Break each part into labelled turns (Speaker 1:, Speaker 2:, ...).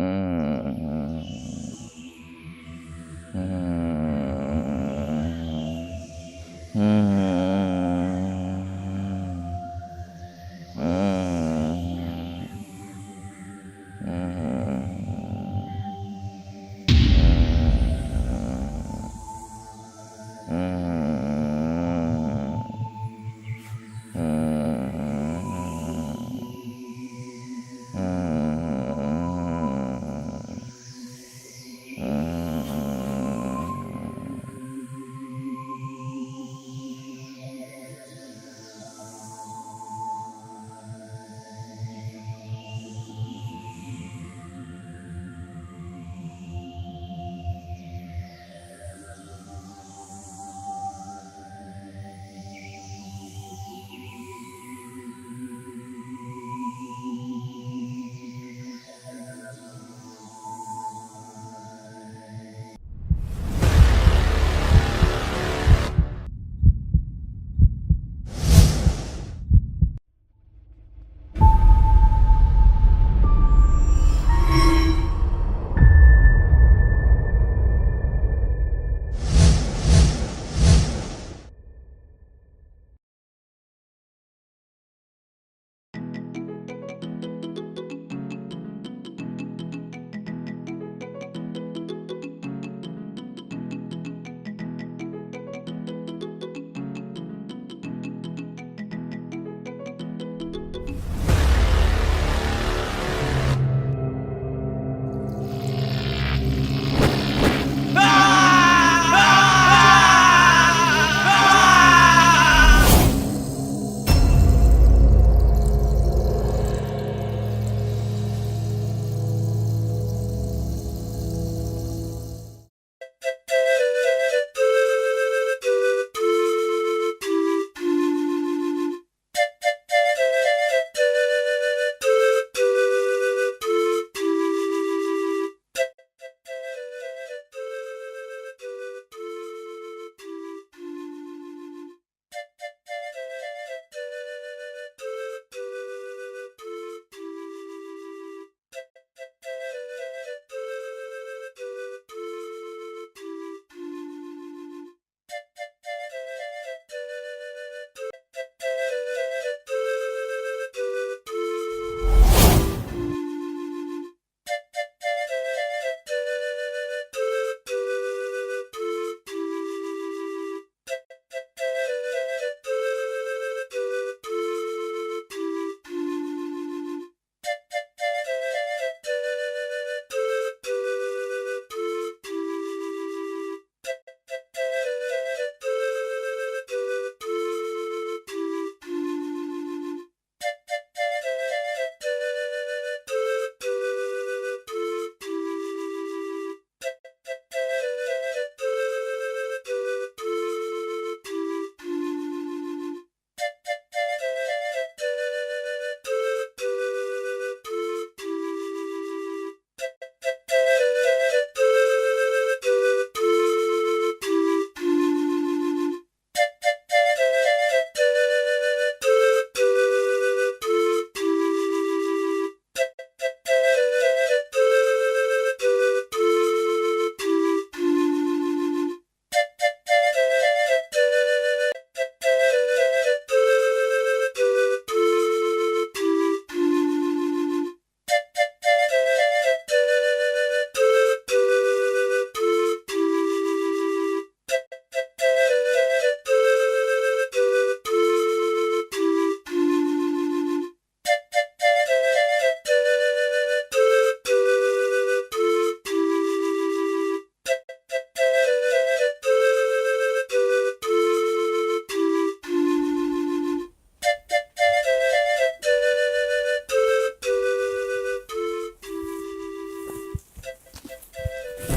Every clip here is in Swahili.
Speaker 1: Mm.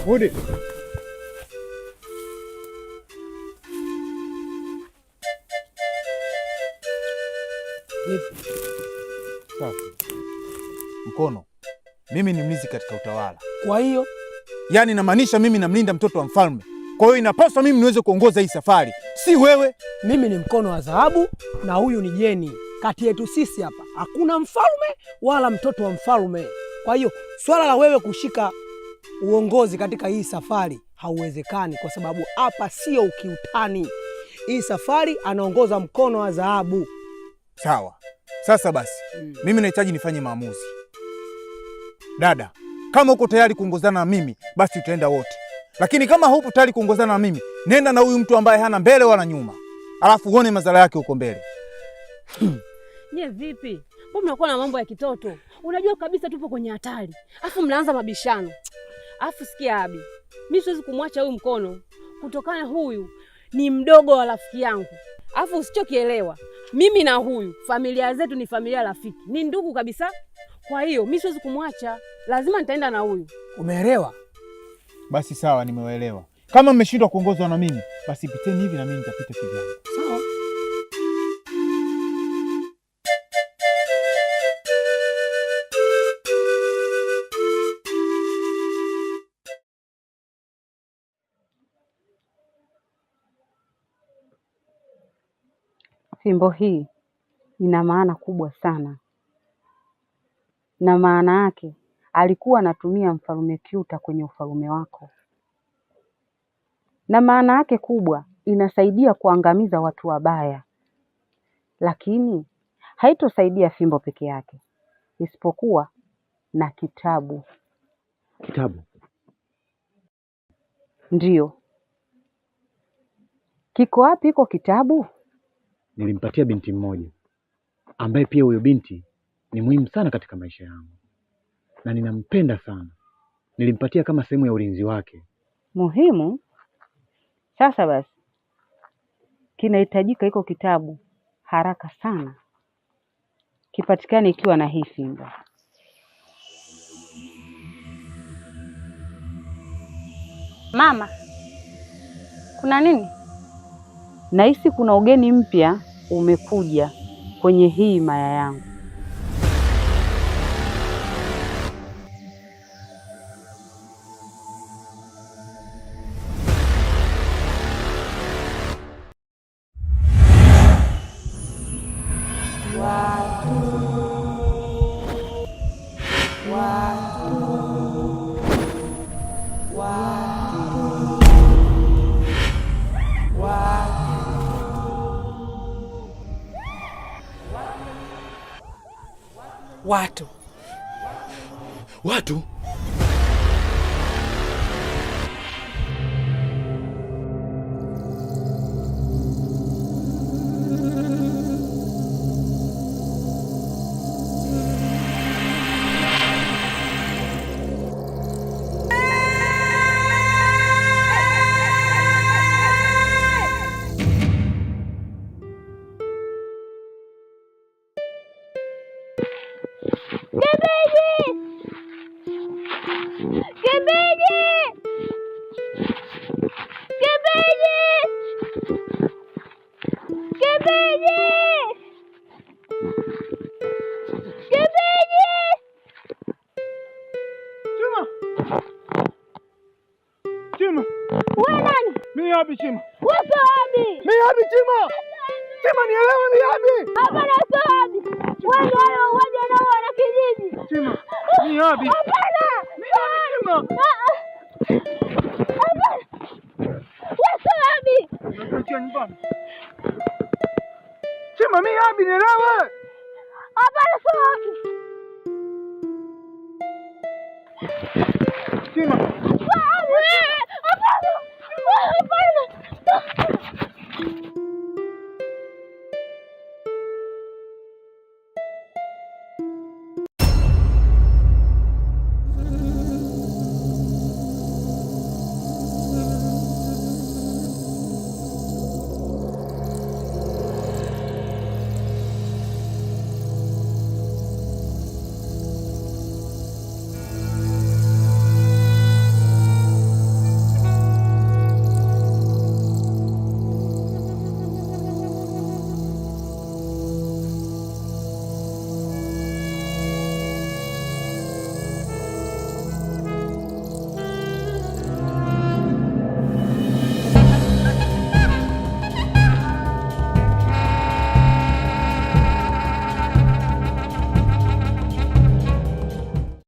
Speaker 2: Rudi. Mkono, mimi ni mlinzi katika utawala, kwa hiyo yaani namaanisha mimi namlinda mtoto wa mfalme. Kwa hiyo inapaswa mimi niweze kuongoza hii safari, si wewe. Mimi ni mkono wa dhahabu na huyu ni jeni. Kati yetu sisi hapa hakuna mfalme wala mtoto wa mfalme. Kwa hiyo swala la wewe kushika uongozi katika hii safari hauwezekani, kwa sababu hapa sio ukiutani. Hii safari anaongoza mkono wa dhahabu. Sawa, sasa basi mm. mimi nahitaji nifanye maamuzi. Dada, kama uko tayari kuongozana na mimi basi utaenda wote, lakini kama hupo tayari kuongozana na mimi, nenda na huyu mtu ambaye hana mbele wala nyuma, alafu uone madhara yake huko mbele. nye vipi? Mbona mnakuwa na mambo ya kitoto? Unajua kabisa tupo kwenye hatari, alafu mnaanza mabishano afu sikia Abi, mi siwezi kumwacha huyu mkono, kutokana huyu ni mdogo wa rafiki yangu. afu usichokielewa, mimi na huyu familia zetu ni familia rafiki, ni ndugu kabisa. Kwa hiyo mi siwezi kumwacha, lazima nitaenda na huyu. Umeelewa? Basi sawa, nimewaelewa. Kama mmeshindwa kuongozwa na mimi, basi piteni hivi na mimi nitapita kivyangu. Sawa. Fimbo hii ina maana kubwa sana, na maana yake alikuwa anatumia Mfalme Kyuta kwenye ufalme wako, na maana yake kubwa inasaidia kuangamiza watu wabaya, lakini haitosaidia fimbo peke yake, isipokuwa na kitabu. Kitabu ndiyo kiko wapi? Iko kitabu nilimpatia binti mmoja ambaye pia huyo binti ni muhimu sana katika maisha yangu na ninampenda sana. Nilimpatia kama sehemu ya ulinzi wake muhimu. Sasa basi, kinahitajika iko kitabu haraka sana kipatikane, ikiwa na hii Simba. Mama, kuna nini? Nahisi kuna ugeni mpya umekuja kwenye hii maya yangu.
Speaker 1: Watu. Watu. Watu.
Speaker 2: watu watu
Speaker 1: Gebedi! Gebedi! Gebedi! Gebedi! Gebedi! Чума!
Speaker 2: Чума! Ulan! Ми abi Чума!
Speaker 1: Nasıl abi? Ми abi Чума! Чума, nielewe mi abi? Hapa nasıl abi? Wewe wewe wewe na wewe 对吗？米阿比。阿二逼米阿比。阿阿。阿爸。为什么阿比？我叫你二逼吗？米阿比，你来啊！阿爸，是我阿比。对吗？阿阿比，阿爸呢？我阿爸。